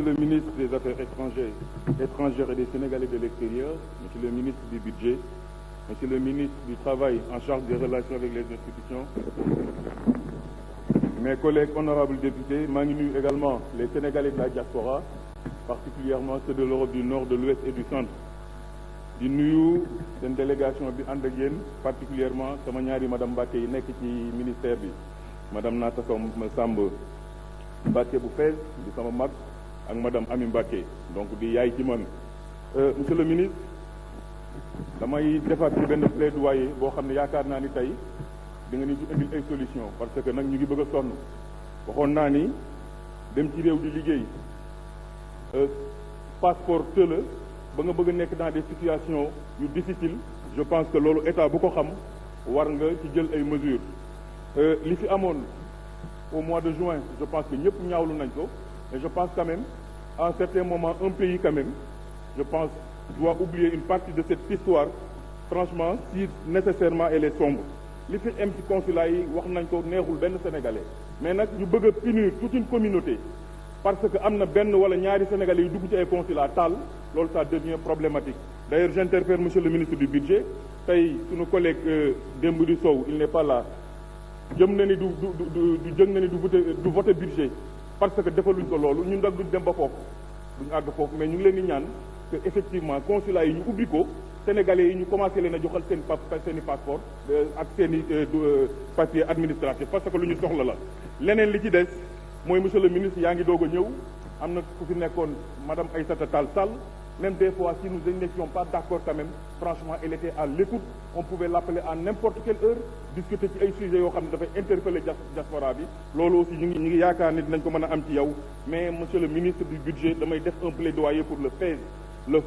Monsieur le ministre des Affaires étrangères, étrangères et des Sénégalais de l'extérieur, Monsieur le ministre du Budget, Monsieur le ministre du Travail en charge de relations avec les institutions, mes collègues honorables députés, maa ngi nuyu également les Sénégalais de la diaspora, particulièrement ceux de l'Europe du Nord, de l'Ouest et du Centre. di nuyu seen délégation bi ànd ak yéen particulièrement sama ñaari madame Mbacke yi nekk ci ministère bi madame Nata Samb Mbacke bu fees di sama ak madame Ami Mbacké donc di yaay ci man euh, monsieur le damay defaat ci benn plaidoyer boo xam ne yaakaar naa ni tey di nga ni ci indil ay solution parce que nag ñu ngi bëgg a sonn waxoon naa ni dem ci réew di liggéey euh, passeport tëla ba nga bëgg nekk dans des situation yu difficile je pense que loolu état bu ko xam war nga ci jël ay mesures euh, li fi amoon au mois de juin je pense que ñëpp ñaawlu nañ ko Mais je pense quand même, à un certain moment, un pays quand même, je pense, doit oublier une partie de cette histoire, franchement, si nécessairement elle est sombre. li fi am ci consulat yi wax nañ ko neexul benn sénégalais mais nag ñu bëgg a punir une communauté parce que am na benn wala ñaari sénégalais yu dugg ci ay consulat taal loolu ça devient problématique. d' ailleurs j' interpelle monsieur le ministre du budget tey suñu collègue euh, Demboudi Sow il n' pas là jëm na ni du du du jëm na ni du voté du voté budget. parce que defaluñ ko loolu ñun nag duñ dem ba foofu duñ àgg foofu mais ñu ngi leen di ñaan que effectivement consulat yi ñu ubbi ko sénégalais yi ñu commencé leen a joxal seen pa seen i passeport euh, ak seen i euh, euh, papier administratif parce que lu ñu soxla la leneen li ci des mooy monsieur le ministre yaa ngi doog a ñëw am na ku fi nekkoon madame Aïssata Tall Sall même des fois si nous n'étions pas d'accord quand même franchement elle était yoo xam ne dafay interpeller diaspora bi loolu aussi ñu ngi ñu a am ci mais monsieur le ministre du budget damay def un plaidoyer pour le FAISE moo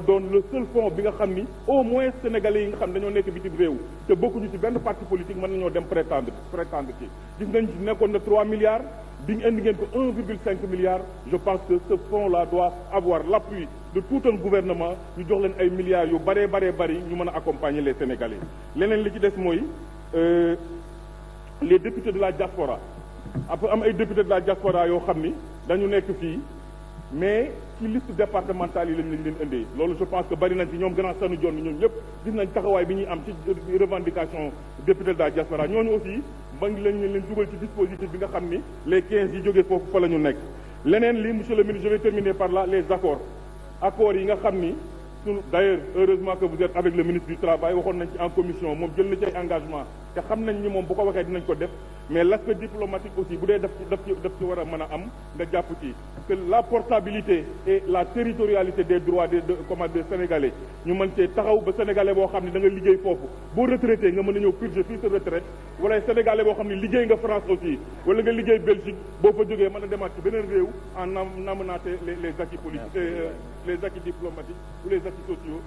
doon le nga xam ni au moins sénégalais yi nga xam dañoo nekk bitim réew te bokkuñu ci benn parti politique mën nañoo dem prétendre prétendre ci gis nañ ci nekkoon na 3 milliards diñ indi ngeen ko 1,5 milliard je pense que ce fonds là doit avoir l'appui de tout gouvernement ñu jox leen ay milliards yu baree baree bari ñu mën a accompagner les Sénégalais leneen li ci des mooy euh, les députés de la diaspora après am ay députés de la diaspora yoo xam ni dañu nekk fii mais ci liste départementale yi lañ leen leen indee loolu je pense que bari nañ ci ñoom grand sanu joon ñoom ñëpp gis nañ taxawaay bi ñuy am ci revendication député de la diaspora ñooñu aussi ba ngi lañ leen ci dispositif bi nga xam ni les 15 yi jógee foofu fa la nekk leneen li monsieur le ministre je vais terminer par là les accords accords yi nga xam ni su d' ailleurs heureusement que vous êtes avec le ministre du travail waxoon nañ ci en moom jël na ci te xam nañ ni moom bu ko waxee dinañ ko def mais l'aspect diplomatique aussi bu dee daf ci daf ci def ci war a mën a am nga jàpp ci que la portabilité et la territorialité des droits de comment des sénégalais ñu mën cee taxaw ba sénégalais boo xam ne da nga liggéey foofu boo retraité nga mën a ñëw purger fii sa retraite wala sénégalais boo xam ne liggéey nga France aussi wala nga liggéey Belgique boo fa jógee mën a demaat ci beneen réew en am naamanaate les les acquis politiques euh, les acquis diplomatiques ou les acquis sociaux